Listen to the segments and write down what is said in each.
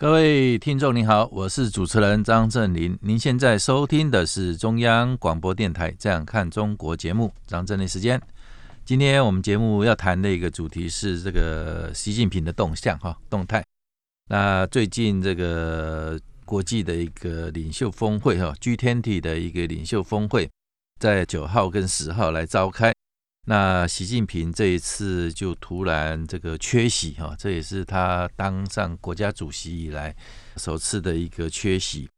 各位聽眾您好，我是主持人張正霖。您現在收聽的是中央廣播電台《這樣看中國》節目，張正霖時間。今天我們節目要談的一個主題是這個習近平的動向哈動態。那最近這個國際的一個領袖峰會哈 G20 的一個領袖峰會，在九號跟十號來召開。那習近平這一次就突然這個缺席哈，這也是他當上國家主席以來首次的一個缺席。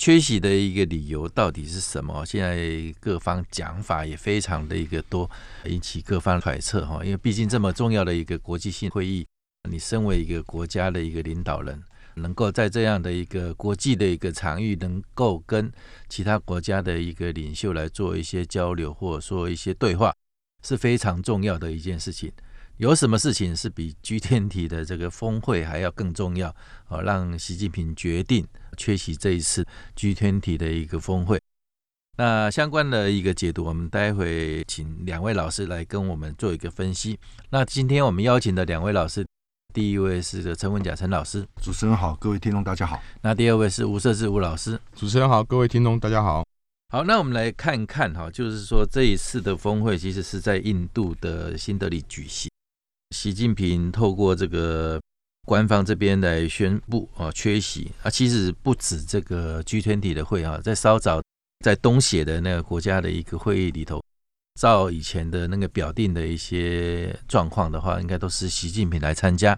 缺席的一個理由到底是什麼？現在各方講法也非常的一個多，引起各方揣測哈。因為畢竟這麼重要的一個國際性會議，你身為一個國家的一個領導人，能夠在這樣的一個國際的一個場域，能夠跟其他國家的一個領袖來做一些交流，或者說一些對話。是非常重要的一件事情，有什麼事情是比 G20 的這個峰會還要更重要？哦，讓習近平決定缺席這一次 G20 的一個峰會。那相關的一個解讀，我們待會請兩位老師來跟我們做一個分析。那今天我們邀請的兩位老師，第一位是陳文甲陳老師，主持人好，各位聽眾大家好。那第二位是吳瑟致吳老師，主持人好，各位聽眾大家好。好，那我們來看看哈，就是說這一次的峰會其實是在印度的新德裡舉行。習近平透過這個官方這邊來宣布啊缺席啊，其實不止這個 G20 的會啊，在稍早在東協的那個國家的一個會議裡頭，照以前的那個表定的一些狀況的話，應該都是習近平來參加。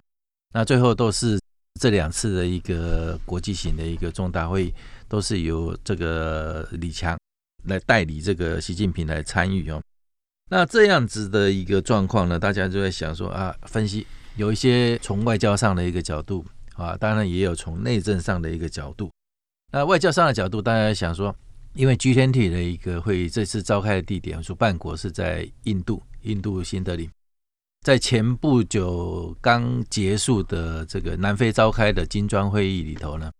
那最後都是這兩次的一個國際型的一個重大會議，都是由這個李強。來代理這個習近平來參與哦，那這樣子的一個狀況呢，大家就在想說啊，分析有一些從外交上的一個角度啊，當然也有從內政上的一個角度。那外交上的角度，大家想說，因為 G20 的一個會議，這次召開的地點主辦國是在印度，印度新德里。在前不久剛結束的這個南非召開的金磚會議裡頭呢，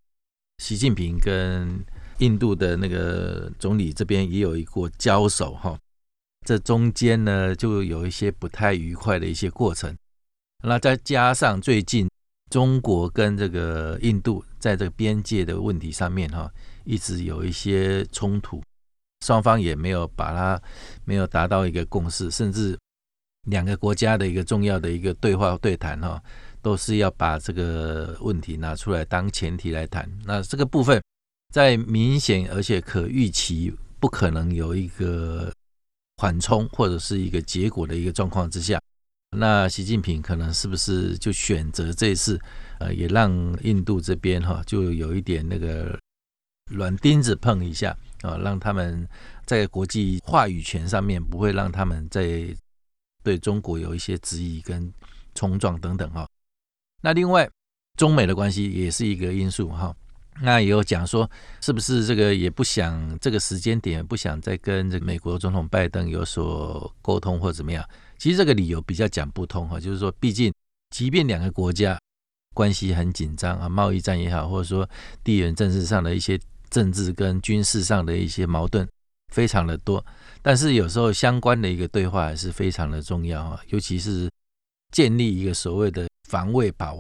習近平跟印度的那個總理這邊也有一個交手哈、哦，這中間呢就有一些不太愉快的一些過程。那再加上最近中國跟這個印度在這個邊界的問題上面哈、哦，一直有一些衝突，雙方也沒有把它沒有達到一個共識，甚至兩個國家的一個重要的一個對話對談哈、哦，都是要把這個問題拿出來當前提來談。那這個部分。在明顯而且可預期不可能有一個緩衝或者是一個結果的一個狀況之下，那習近平可能是不是就選擇這一次，呃，也讓印度這邊哈就有一點那個軟釘子碰一下啊，讓他們在國際話語權上面不會讓他們在對中國有一些質疑跟衝撞等等哈。那另外，中美的關係也是一個因素哈。那也有講說，是不是這個也不想這個時間點不想再跟這個美國總統拜登有所溝通或怎麼樣？其實這個理由比較講不通哈、啊，就是說，畢竟即便兩個國家關係很緊張啊，貿易戰也好，或者說地緣政治上的一些政治跟軍事上的一些矛盾非常的多，但是有時候相關的一個對話還是非常的重要啊，尤其是建立一個所謂的防衛保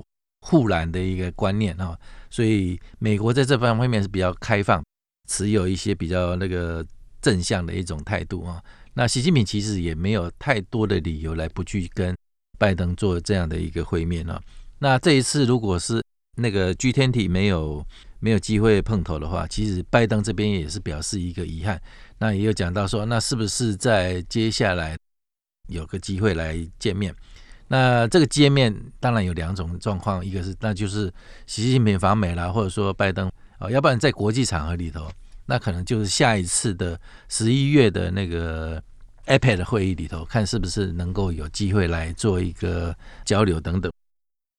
護欄的一個觀念啊。所以美國在這方方面是比較開放，持有一些比較那個正向的一種態度啊。那習近平其實也沒有太多的理由來不去跟拜登做這樣的一個會面啊。那這一次如果是那個 G20 沒有沒有機會碰頭的話，其實拜登這邊也是表示一個遺憾。那也有講到說，那是不是在接下來有個機會來見面？那這個界面當然有兩種狀況，一個是那就是習近平訪美啦，或者說拜登啊，要不然在國際場合裡頭，那可能就是下一次的十一月的那個 APEC 會議裡頭，看是不是能夠有機會來做一個交流等等。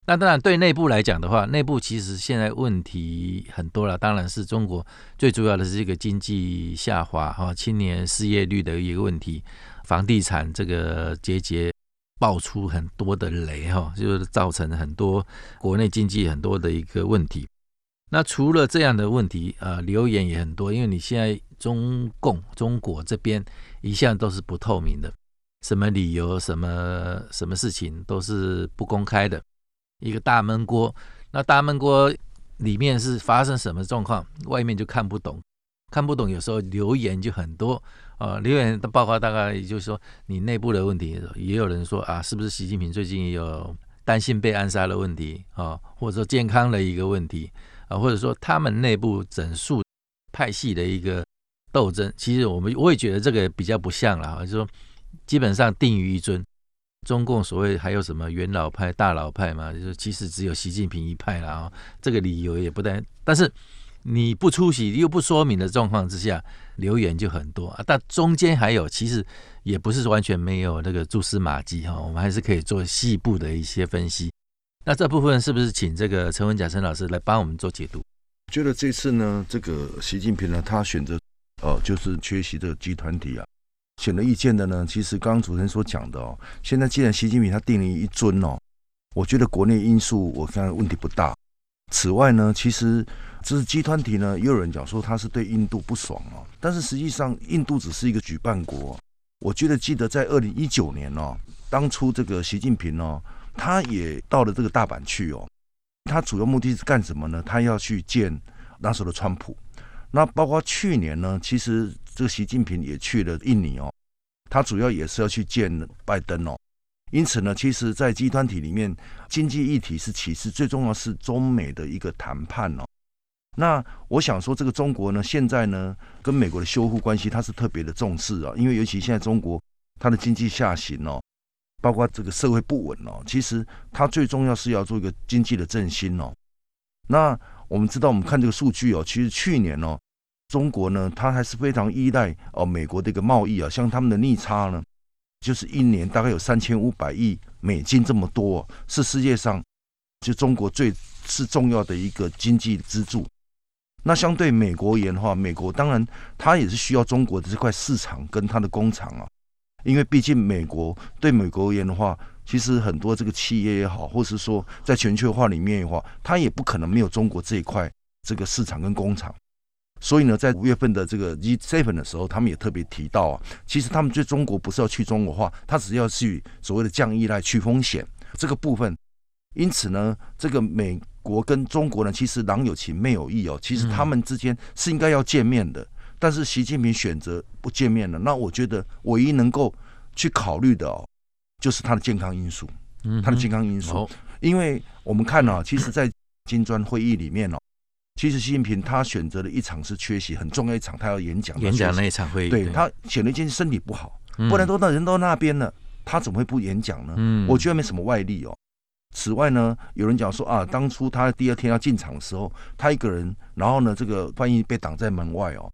那當然對內部來講的話，內部其實現在問題很多了，當然是中國最主要的是這個經濟下滑哈、啊，青年失業率的一個問題，房地產這個結節、節。爆出很多的雷哈，就是造成很多國內經濟很多的一個問題。那除了這樣的問題，啊、呃，流言也很多，因為你現在中共中國這邊一向都是不透明的，什麼理由、什麼什麼事情都是不公開的，一個大悶鍋。那大悶鍋裡面是發生什麼狀況，外面就看不懂，看不懂，有時候流言就很多。啊、哦，有的包括大概，也就是說，你內部的問題，也有人說啊，是不是習近平最近也有擔心被暗殺的問題啊、哦，或者說健康的一個問題啊，或者說他們內部整肅派系的一個鬥爭，其實我們我也覺得這個比較不像了啊，就是、說基本上定於一尊，中共所謂還有什麼元老派、大佬派嘛，就是其實只有習近平一派了啊、哦，這個理由也不太，但是。你不出席又不說明的狀況之下，留言就很多啊。但中間還有，其實也不是完全沒有那個蛛絲馬跡哈、哦。我們還是可以做細部的一些分析。那這部分是不是請這個陳文甲陳老師來幫我們做解讀？我覺得這次呢，這個習近平呢，他選擇呃就是缺席的集團體啊，顯而易見的呢，其實剛剛主持人所講的哦，現在既然習近平他定於一尊哦，我覺得國內因素我看問題不大。此外呢，其實。這是集團體呢，也有人講說他是對印度不爽哦。但是實際上，印度只是一個舉辦國。我覺得記得在二零一九年哦，當初這個習近平哦，他也到了這個大阪去哦。他主要目的是幹什麼呢？他要去見那時候的川普。那包括去年呢，其實這個習近平也去了印尼哦。他主要也是要去見拜登哦。因此呢，其實，在集團體裡面，經濟議題是其次，最重要的是中美的一個談判哦。那我想說，這個中國呢，現在呢，跟美國的修復關係，它是特別的重視啊，因為尤其現在中國它的經濟下行哦，包括這個社會不穩哦，其實它最重要是要做一個經濟的振興哦。那我們知道，我們看這個數據哦，其實去年哦，中國呢，它還是非常依賴哦美國的一個貿易啊哦，像他們的逆差呢，就是一年大概有三千五百億美金這麼多哦，是世界上就中國最是重要的一個經濟支柱。那相對美國而言的話，美國當然它也是需要中國的這塊市場跟它的工廠啊，因為畢竟美國對美國而言的話，其實很多這個企業也好，或是說在全球化裡面的話，它也不可能沒有中國這一塊這個市場跟工廠。所以呢，在五月份的這個 G7 的時候，他們也特別提到啊，其實他們對中國不是要去中國化，他只要去所謂的降依賴、去風險這個部分。因此呢，這個美國跟中國呢，其實郎有情妹有意哦，其實他們之間是應該要見面的，嗯、但是習近平選擇不見面了。那我覺得唯一能夠去考慮的哦，就是他的健康因素，嗯，他的健康因素，嗯、因為我們看呢、啊，其實在金磚會議裡面哦，其實習近平他選擇了一場是缺席，很重要一場他要演講，演講那一場會議對他，顯得天身體不好，嗯、不然說那人都那邊了，他怎麼會不演講呢？嗯，我覺得沒什麼外力哦。此外呢，有人講說啊，當初他第二天要進場的時候，他一個人，然後呢，這個翻譯被擋在門外哦，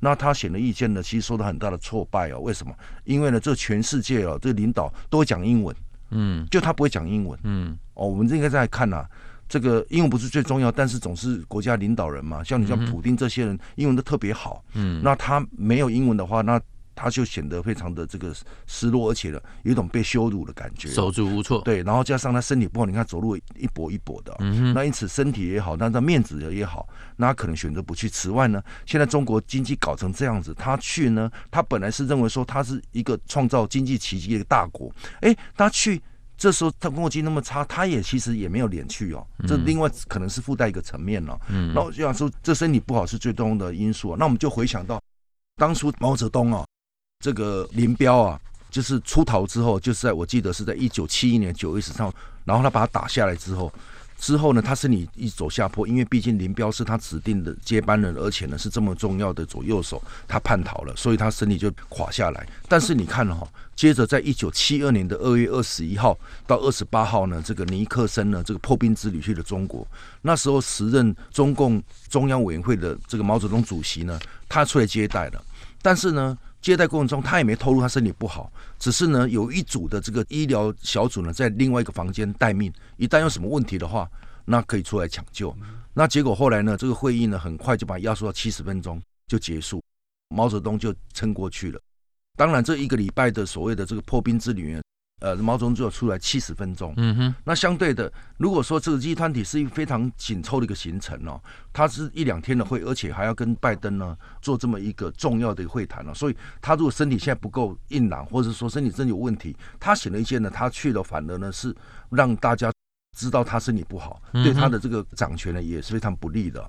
那他顯得意見呢，其實受到很大的挫敗哦。為什麼？因為呢，這個、全世界哦，這個、領導都會講英文，嗯，就他不會講英文，嗯，哦，我們這應該在看吶、啊，這個英文不是最重要，但是總是國家領導人嘛，像你像普丁這些人，嗯、英文都特別好，嗯，那他沒有英文的話，那。他就顯得非常的這個失落，而且呢，有一種被羞辱的感覺，手足無措。對，然後加上他身體不好，你看走路一跛一跛的。嗯哼。那因此身體也好，那他面子也好，那他可能選擇不去。此外呢，現在中國經濟搞成這樣子，他去呢，他本來是認為說他是一個創造經濟奇蹟的大國，哎，他去這時候他中國經濟那麼差，他也其實也沒有臉去哦、喔。這另外可能是附帶一個層面了。嗯。然後就想說，這身體不好是最重要的因素、啊。那我們就回想到當初毛澤東啊、喔。這個林彪啊，就是出逃之後，就是在我記得是在一九七一年九月十三號，然後他把他打下來之後，之後呢，他身體一走下坡，因為畢竟林彪是他指定的接班人，而且呢是這麼重要的左右手，他叛逃了，所以他身體就垮下來。但是你看哈、哦，接着在一九七二年的二月二十一號到二十八號呢，這個尼克森呢，這個破冰之旅去了中國，那時候時任中共中央委員會的這個毛澤東主席呢，他出來接待了，但是呢。接待過程中，他也沒透露他身體不好，只是呢有一組的這個醫療小組呢在另外一個房間待命，一旦有什麼問題的話，那可以出來搶救。嗯。那結果後來呢，這個會議呢很快就把壓縮到七十分鐘就結束，毛澤東就撐過去了。當然，這一個禮拜的所謂的這個破冰之旅呢。呃，毛澤東只有出來七十分鐘。嗯哼，那相對的，如果說這個 G20 是一個非常緊湊的一個行程哦，他是一兩天的會，而且還要跟拜登呢做這麼一個重要的一個會談呢，哦。所以，他如果身體現在不夠硬朗，或者說身體真的有問題，他寫了一些呢，他去了，反而呢是讓大家知道他身體不好，嗯，對他的這個掌權呢也是非常不利的。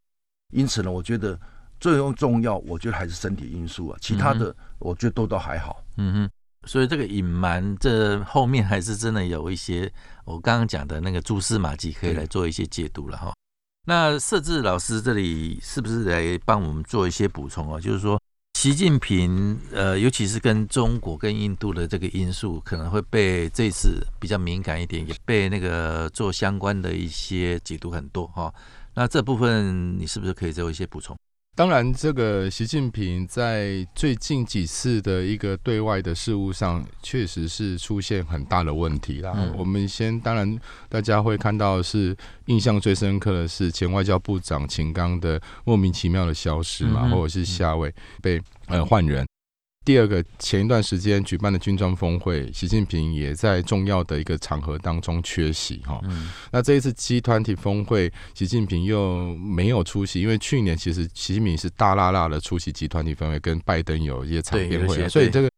因此呢，我覺得最重要，我覺得還是身體因素啊，其他的我覺得都都還好。嗯哼。所以這個隱瞞，這後面還是真的有一些我剛剛講的那個蛛絲馬跡，可以來做一些解讀了哈、嗯。那瑟致老師，這裡是不是來幫我們做一些補充哦、啊，就是說，習近平呃，尤其是跟中國跟印度的這個因素，可能會被這次比較敏感一點，也被那個做相關的一些解讀很多哈。那這部分你是不是可以做一些補充？當然，這個習近平在最近幾次的一個對外的事務上，確實是出現很大的問題啦。我們先，當然大家會看到的是印象最深刻的是前外交部長秦剛的莫名其妙的消失嘛，或者是下位被呃換人。第二個，前一段時間舉辦的金磚峰會，習近平也在重要的一個場合當中缺席哈、嗯。那這一次 G20 峰會，習近平又沒有出席，因為去年其實習近平是大喇喇的出席集團體峰會，跟拜登有一些場邊會。所以這個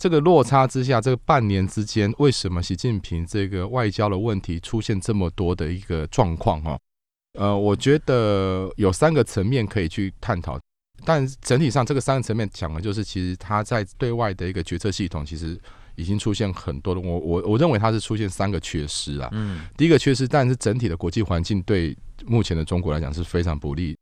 這個落差之下，這個半年之間，為什麼習近平這個外交的問題出現這麼多的一個狀況哈？呃，我覺得有三個層面可以去探討。但整體上，這個三個層面講的就是，其實他在對外的一個決策系統，其實已經出現很多的。我我我認為他是出現三個缺失啊。嗯。第一個缺失，但是整體的國際環境對目前的中國來講是非常不利，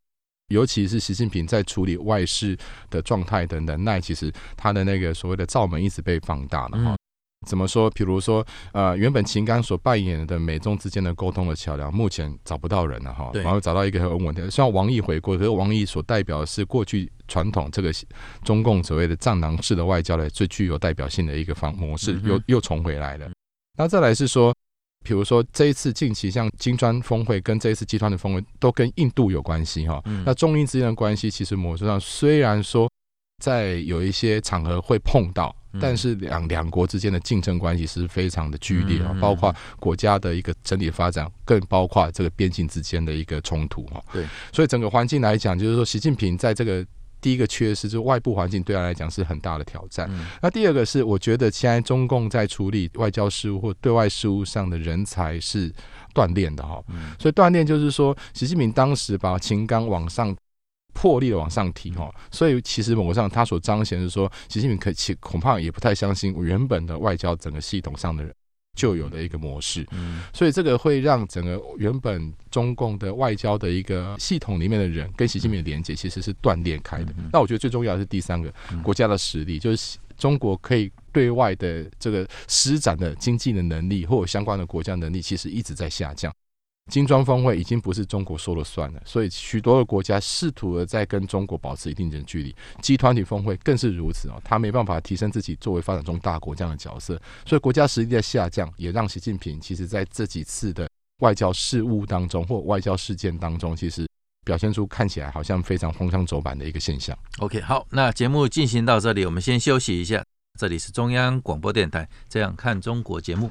尤其是習近平在處理外事的狀態的能耐，其實他的那個所謂的罩門一直被放大了哈、嗯哦。怎麼說？比如說，呃，原本秦剛所扮演的美中之間的溝通的橋梁，目前找不到人了哈。然、哦、後找到一個很穩定的，像王毅回國，可是王毅所代表的是過去傳統這個中共所謂的戰狼式的外交的最具有代表性的一個方模式，又又重回來了、嗯。那再來是說，比如說這一次近期像金磚峰會跟這一次集團的峰會都跟印度有關係哈、哦嗯。那中印之間的關係其實模式上雖然說。在有一些場合會碰到，但是兩兩國之間的競爭關係是非常的劇烈啊、嗯，包括國家的一個整體發展，更包括這個邊境之間的一個衝突哈，對，所以整個環境來講，就是說習近平在這個第一個缺失，就是、外部環境對他來講是很大的挑戰。嗯、那第二個是，我覺得現在中共在處理外交事務或對外事務上的人才是鍛煉的哈、嗯。所以鍛煉就是說，習近平當時把秦剛往上。破例的往上提哈，所以其實某個上他所彰顯的是說，習近平可其恐怕也不太相信原本的外交整個系統上的人舊有的一個模式，所以這個會讓整個原本中共的外交的一個系統裡面的人跟習近平的連接其實是斷裂開的。那我覺得最重要的是第三個國家的實力，就是中國可以對外的這個施展的經濟的能力或有相關的國家的能力，其實一直在下降。金磚峰會已經不是中國說了算了，所以許多的國家試圖的在跟中國保持一定的距離。集團體峰會更是如此哦，他沒辦法提升自己作為發展中大國這樣的角色，所以國家實力在下降，也讓習近平其實在這幾次的外交事務當中或外交事件當中，其實表現出看起來好像非常荒腔走板的一個現象。OK，好，那節目進行到這裡，我們先休息一下。這裡是中央廣播電台《這樣看中國》節目。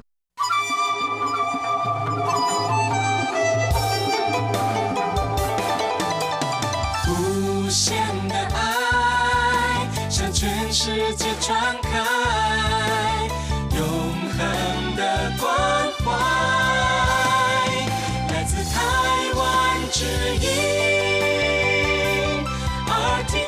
世界敞開永恆的關懷，來自台灣之音 RTI，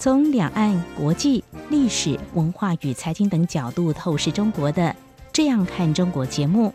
從兩岸、國際、歷史、文化與財經等角度透視中國的這樣看中國節目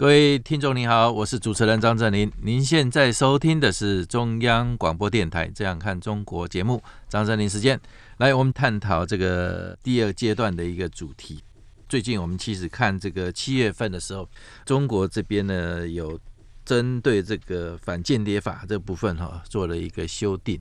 各位聽眾您好，我是主持人張正霖。您現在收聽的是中央廣播電台《這樣看中國》節目，張正霖時間來，我們探討這個第二階段的一個主題。最近我們其實看這個七月份的時候，中國這邊呢有針對這個反間諜法這部分哈、哦、做了一個修訂，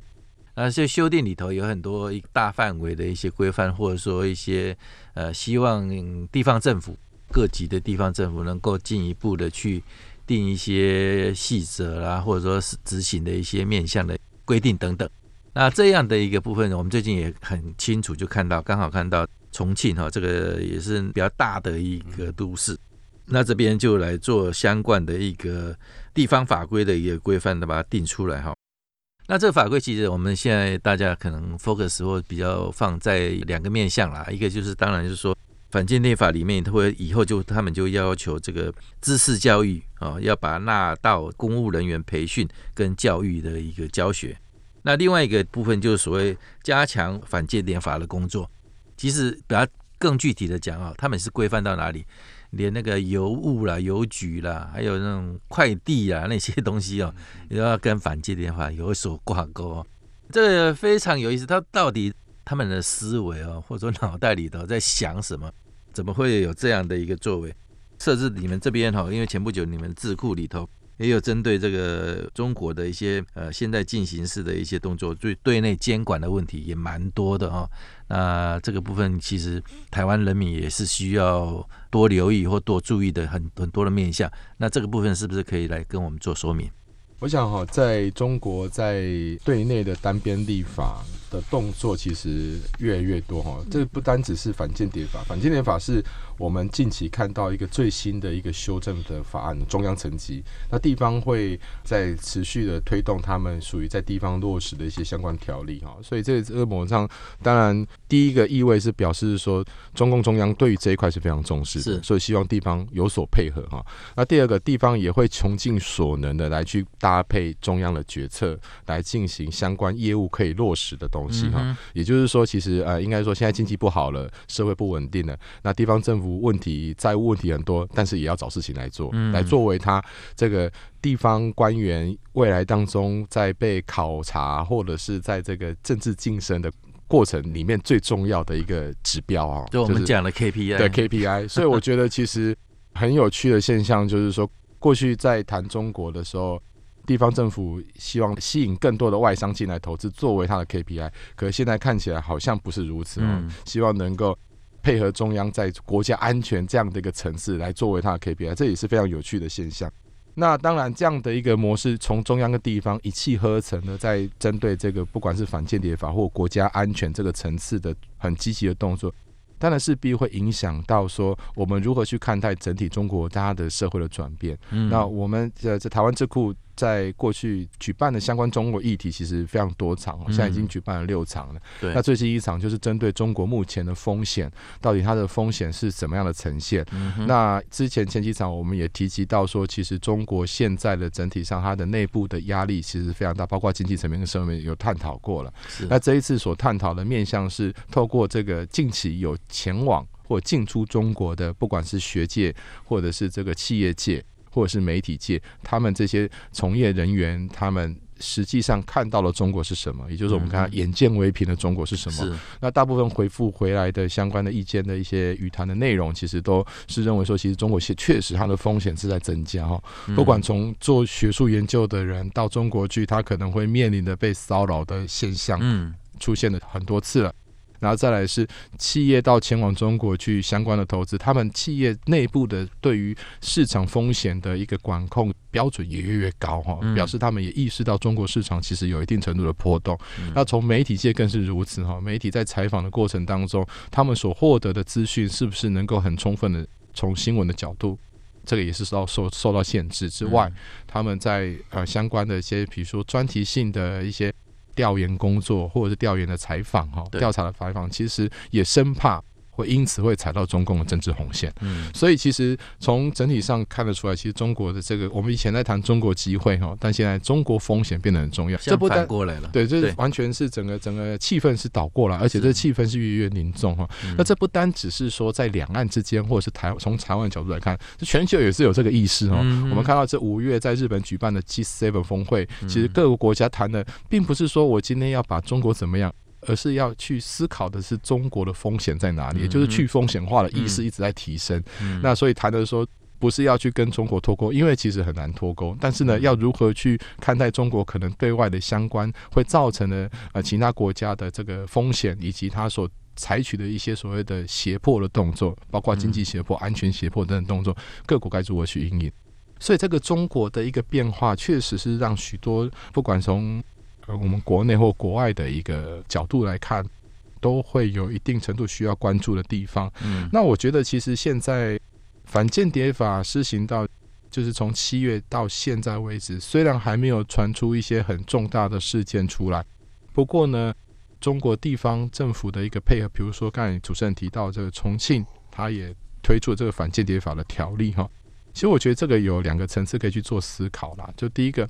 那這修訂裡頭有很多一大範圍的一些規範，或者說一些呃，希望地方政府。各級的地方政府能夠進一步的去定一些細則啦，或者說是執行的一些面向的規定等等。那這樣的一個部分，我們最近也很清楚就看到，剛好看到重慶哈，這個也是比較大的一個都市。嗯。那這邊就來做相關的一個地方法規的一個規範的把它定出來哈。那這個法規其實我們現在大家可能 focus 或比較放在兩個面向啦，一個就是當然就是說。反間諜法裡面，他會以後就他們就要求這個知識教育啊、哦，要把納到公務人員培訓跟教育的一個教學。那另外一個部分就是所謂加強反間諜法的工作。其實比較更具體的講啊、哦，他們是規範到哪裡？連那個郵物啦、郵局啦，還有那種快遞啊那些東西啊、哦，也要跟反間諜法有所掛鈎。這個非常有意思，它到底？他們的思維啊，或者腦袋裡頭在想什麼，怎麼會有這樣的一個作為？設置你們這邊哈，因為前不久你們智庫裡頭也有針對這個中國的一些呃現在進行式的一些動作，對對內監管的問題也蠻多的哈。那這個部分其實台灣人民也是需要多留意或多注意的很很多的面向。那這個部分是不是可以來跟我們做說明？我想哈、哦，在中國在對內的單邊立法的動作其實越來越多哈、哦嗯，這不單只是反間諜法，反間諜法是。我們近期看到一個最新的一個修正的法案，中央層級，那地方會在持續的推動他們屬於在地方落實的一些相關條例哈，所以這這個模上，當然第一個意味是表示是說，中共中央對於這一塊是非常重視的，是，所以希望地方有所配合哈。那第二個，地方也會窮盡所能的來去搭配中央的決策，來進行相關業務可以落實的東西哈、嗯。也就是說，其實呃，應該說現在經濟不好了，社會不穩定了，那地方政府。問題債務問題很多，但是也要找事情來做、嗯，來作為他這個地方官員未來當中在被考察或者是在這個政治晉升的過程裡面最重要的一個指標啊、哦。就是、我們講的 KPI，對 KPI。對 KPI， 所以我覺得其實很有趣的現象就是說，過去在談中國的時候，地方政府希望吸引更多的外商進來投資，作為他的 KPI。可是現在看起來好像不是如此、哦嗯，希望能夠。配合中央在國家安全這樣的一個層次來作為它的 KPI，這也是非常有趣的現象。那當然，這樣的一個模式從中央跟地方一氣呵成的在針對這個不管是反間諜法或國家安全這個層次的很積極的動作，當然勢必會影響到說我們如何去看待整體中國大家的社會的轉變。嗯。那我們這這台灣智庫。在過去舉辦的相關中國議題，其實非常多場、喔，現在已經舉辦了六場了、嗯。那最近一場就是針對中國目前的風險，到底它的風險是怎麼樣的呈現、嗯？那之前前幾場我們也提及到說，其實中國現在的整體上它的內部的壓力其實非常大，包括經濟層面跟社會面有探討過了。那這一次所探討的面向是透過這個近期有前往或進出中國的，不管是學界或者是這個企業界。或者是媒體界，他們這些從業人員，他們實際上看到了中國是什麼，也就是我們看眼見為憑的中國是什麼。嗯、那大部分回復回來的相關的意見的一些語談的內容，其實都是認為說，其實中國確確實它的風險是在增加。哈、嗯，不管從做學術研究的人到中國去，他可能會面臨的被騷擾的現象，嗯，出現了很多次了。然後再來是企業到前往中國去相關的投資，他們企業內部的對於市場風險的一個管控標準也越越高哈、嗯，表示他們也意識到中國市場其實有一定程度的波動。嗯、那從媒體界更是如此哈，媒體在採訪的過程當中，他們所獲得的資訊是不是能夠很充分的從新聞的角度，這個也是受到、受受到限制之外，嗯、他們在呃相關的一些，比如說專題性的一些。調研工作，或者是調研的採訪，哈，調查的採訪，其實也深怕，會因此會踩到中共的政治紅線，所以其實從整體上看得出來，其實中國的這個我們以前在談中國機會哈，但現在中國風險變得很重要，這不反過來了，對，這完全是整個整個氣氛是倒過來，而且這氣氛是越來越凝重哈。那這不單只是說在兩岸之間，或者是台從台灣角度來看，這全球也是有這個意思哦。我們看到這五月在日本舉辦的 G7 峰會，其實各個國家談的並不是說我今天要把中國怎麼樣。而是要去思考的是中國的風險在哪裡，也、嗯嗯、就是去風險化的意識一直在提升。嗯嗯，那所以談的說，不是要去跟中國脫鈎，因為其實很難脫鈎。但是呢，要如何去看待中國可能對外的相關會造成的呃其他國家的這個風險，以及它所採取的一些所謂的脅迫的動作，包括經濟脅迫、安全脅迫等等動作，各國該如何去因應？所以這個中國的一個變化，確實是讓許多不管從、嗯。我們國內或國外的一個角度來看，都會有一定程度需要關注的地方。嗯。那我覺得，其實現在反間諜法施行到就是從七月到現在為止，雖然還沒有傳出一些很重大的事件出來，不過呢，中國地方政府的一個配合，比如說剛才主持人提到這個重慶，他也推出了這個反間諜法的條例哈。其實我覺得這個有兩個層次可以去做思考啦，就第一個。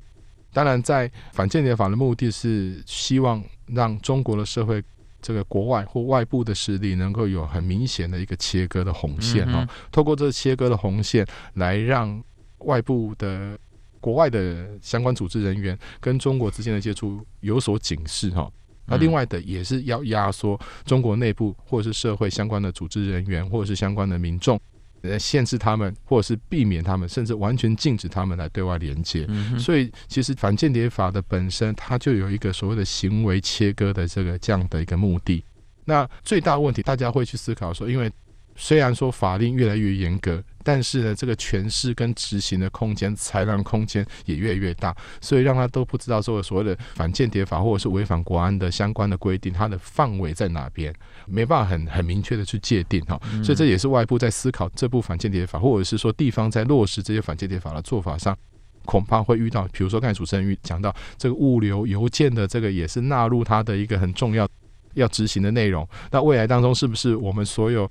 當然，在反間諜法的目的是希望讓中國的社會，這個國外或外部的勢力能夠有很明顯的一個切割的紅線哈，透、嗯、過這切割的紅線，來讓外部的國外的相關組織人員跟中國之間的接觸有所警示哈、嗯。那另外的也是要壓縮中國內部或者是社會相關的組織人員或者是相關的民眾。呃，限制他們，或者是避免他們，甚至完全禁止他們來對外連接。嗯、所以，其實反間諜法的本身，它就有一個所謂的行為切割的這個這樣的一個目的。那最大問題，大家會去思考說，因為雖然說法令越來越嚴格。但是呢，這個詮釋跟執行的空間裁量空間也越來越大，所以讓他都不知道，這個所謂的反間諜法或者是違反國安的相關的規定，它的範圍在哪邊，沒辦法很很明確的去界定哈、嗯。所以這也是外部在思考這部反間諜法，或者是說地方在落實這些反間諜法的做法上，恐怕會遇到，比如說剛才主持人講到這個物流郵件的這個也是納入他的一個很重要要執行的內容。那未來當中是不是我們所有，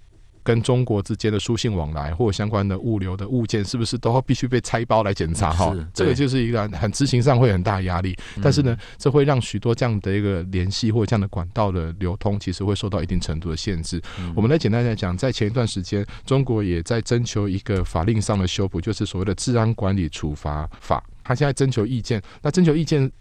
跟中國之間的書信往來或者相關的物流的物件，是不是都必須被拆包來檢查？哈，這個就是一個很執行上會很大壓力、嗯。但是呢，這會讓許多這樣的一個聯繫或者這樣的管道的流通，其實會受到一定程度的限制。嗯、我們來簡單來講，在前一段時間，中國也在徵求一個法令上的修補，就是所謂的治安管理處罰法，它現在徵求意見。那徵求意見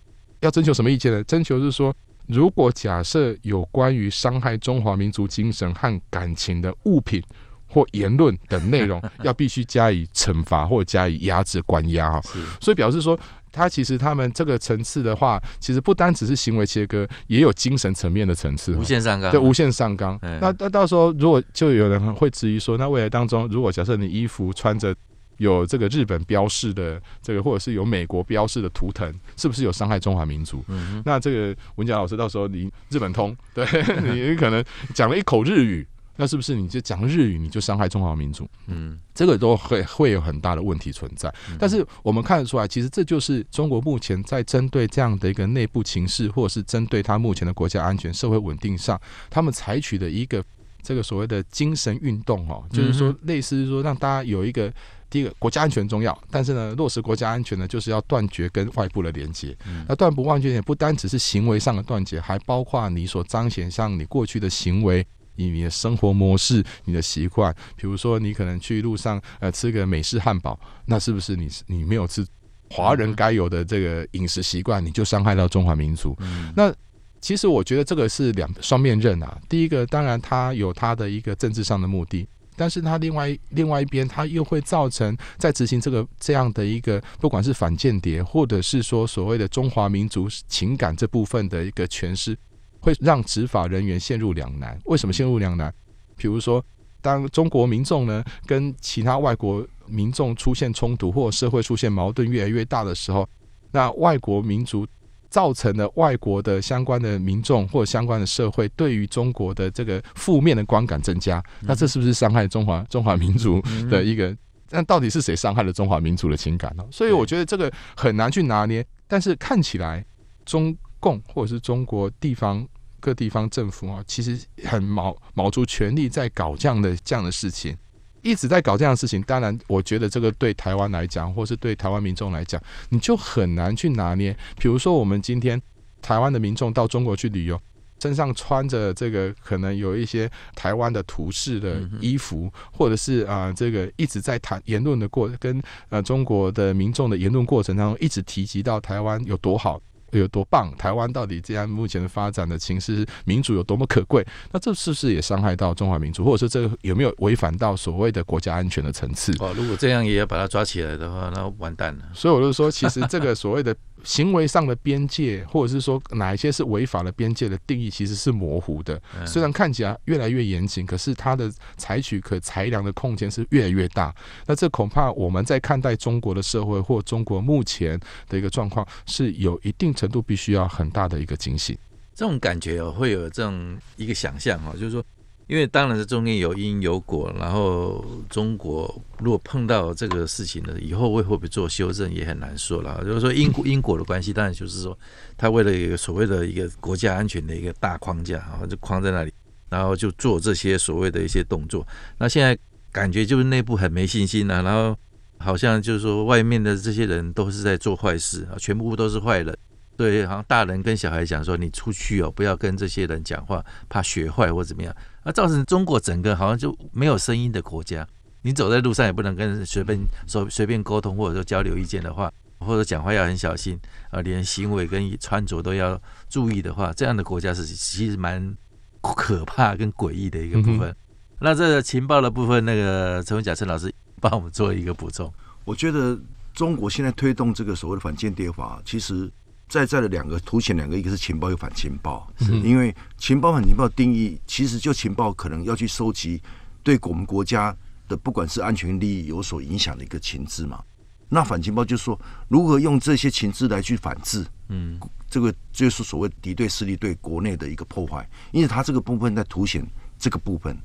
要徵求什麼意見呢？徵求是說。如果假設有關於傷害中華民族精神和感情的物品或言論等內容， 要必須加以懲罰或加以壓制、關押啊。所以表示說，他其實他們這個層次的話，其實不單只是行為切割，也有精神層面的層次。無限上綱，對，無限上綱。 那那到時候如果就有人會質疑說，那未來當中，如果假設你衣服穿着。有這個日本標示的這個，或者是有美國標示的圖騰，是不是有傷害中華民族、嗯哼？那這個文甲老師，到時候你日本通，對你可能講了一口日語， 那是不是你就講日語你就傷害中華民族？嗯，這個都會會有很大的問題存在、嗯。但是我們看得出來，其實這就是中國目前在針對這樣的一個內部情勢，或者是針對他目前的國家安全、社會穩定上，他們採取的一個這個所謂的精神運動哦，就是說，類似於說讓大家有一個。第一個國家安全重要，但是呢，落實國家安全呢，就是要斷絕跟外部的連接。嗯。那斷不忘記也不單只是行為上的斷絕，還包括你所彰顯上你過去的行為，你你的生活模式、你的習慣，比如說你可能去路上呃吃個美式漢堡，那是不是你你沒有吃華人該有的這個飲食習慣，你就傷害到中華民族。嗯？那其實我覺得這個是兩雙面刃啊。第一個當然他有他的一個政治上的目的。但是它另外另外一邊，它又會造成在執行這個這樣的一個，不管是反間諜，或者是說所謂的中華民族情感這部分的一個詮釋，會讓執法人員陷入兩難。為什麼陷入兩難？比如說，當中國民眾呢跟其他外國民眾出現衝突，或者社會出現矛盾越來越大的時候，那外國民族。造成了外國的相關的民眾或相關的社會對於中國的這個負面的觀感增加，那這是不是傷害中華中華民族的一個？那到底是誰傷害了中華民族的情感呢？所以我覺得這個很難去拿捏。但是看起來，中共或者是中國地方各地方政府啊，其實很卯卯足全力在搞這樣的這樣的事情。一直在搞這樣的事情，當然，我覺得這個對台灣來講，或是對台灣民眾來講，你就很難去拿捏。比如說，我們今天台灣的民眾到中國去旅遊，身上穿着這個可能有一些台灣的圖示的衣服，或者是啊、呃，這個一直在談言論的過，跟呃中國的民眾的言論過程當中，一直提及到台灣有多好。有多棒？台灣到底這樣目前的發展的情勢，民主有多麼可貴？那這是不是也傷害到中華民族？或者說，這個有沒有違反到所謂的國家安全的層次？哦，如果這樣也要把它抓起來的話，那完蛋了。所以我就說，其實這個所謂的。行為上的邊界，或者是說哪一些是違法的邊界的定義，其實是模糊的。雖然看起來越來越嚴謹，可是它的採取可裁量的空間是越來越大。那這恐怕我們在看待中國的社會或中國目前的一個狀況，是有一定程度必須要很大的一個警醒。這種感覺喔，會有這種一個想象哈喔，就是說。因為當然，是中間有因有果。然後中國如果碰到這個事情呢，以後會會不會做修正也很難說了。就是說因果因果的關係，當然就是說他為了一個所謂的一個國家安全的一個大框架啊，就框在那裡，然後就做這些所謂的一些動作。那現在感覺就是內部很沒信心了啊，然後好像就是說外面的這些人都是在做壞事啊，全部都是壞人。對，好像大人跟小孩講說，你出去哦，不要跟這些人講話，怕學壞或怎麼樣。那、啊、造成中國整個好像就沒有聲音的國家，你走在路上也不能跟隨便說隨便溝通或者說交流意見的話，或者講話要很小心啊，連行為跟穿着都要注意的話，這樣的國家是其實蠻可怕跟詭異的一個部分。嗯、那這個情報的部分，那個陳文甲陳老師幫我們做一個補充。我覺得中國現在推動這個所謂的反間諜法，其實。在在的兩個凸顯兩個，一個是情報，又反情報是。因為情報反情報定義，其實就情報可能要去收集對我們國家的不管是安全利益有所影響的一個情資嘛。那反情報就是說如何用這些情資來去反制。嗯，這個就是所謂敵對勢力對國內的一個破壞，因此它這個部分在凸顯這個部分。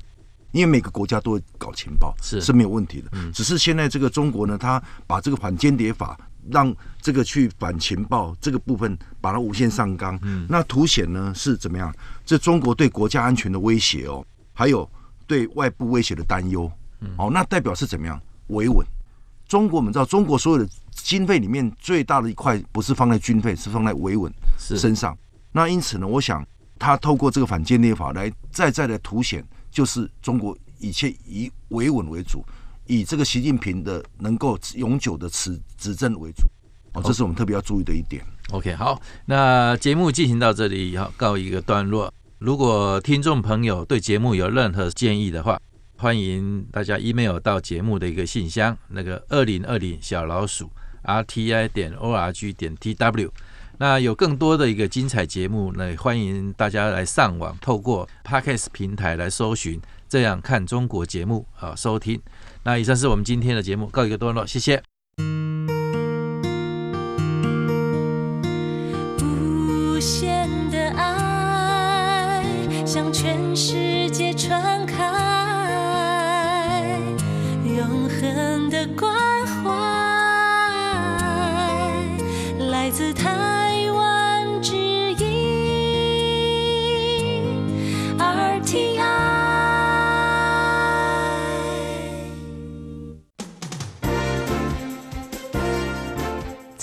因為每個國家都會搞情報，是是沒有問題的。嗯，只是現在這個中國呢，他把這個反間諜法讓這個去反情報這個部分把它無限上綱。嗯，那凸顯呢是怎麼樣？這中國對國家安全的威脅哦，還有對外部威脅的擔憂，嗯，哦，那代表是怎麼樣？維穩。中國我們知道，中國所有的經費裡面最大的一塊不是放在軍費，是放在維穩身上。那因此呢，我想他透過這個反間諜法來再再的凸顯。就是中國一切以維穩為主，以這個習近平的能夠永久的持執政為主，哦，這是我們特別要注意的一點。OK, okay. 好，那節目進行到這裡要告一個段落。如果聽眾朋友對節目有任何建議的話，歡迎大家 email 到節目的一個信箱，那個二零二零小老鼠 r t i 點 o r g 點 t w。那有更多的一個精彩節目，那也歡迎大家來上網，透過 Podcast 平台來搜尋，這樣看中國節目啊，收聽。那以上是我們今天的節目，告一個段落，謝謝。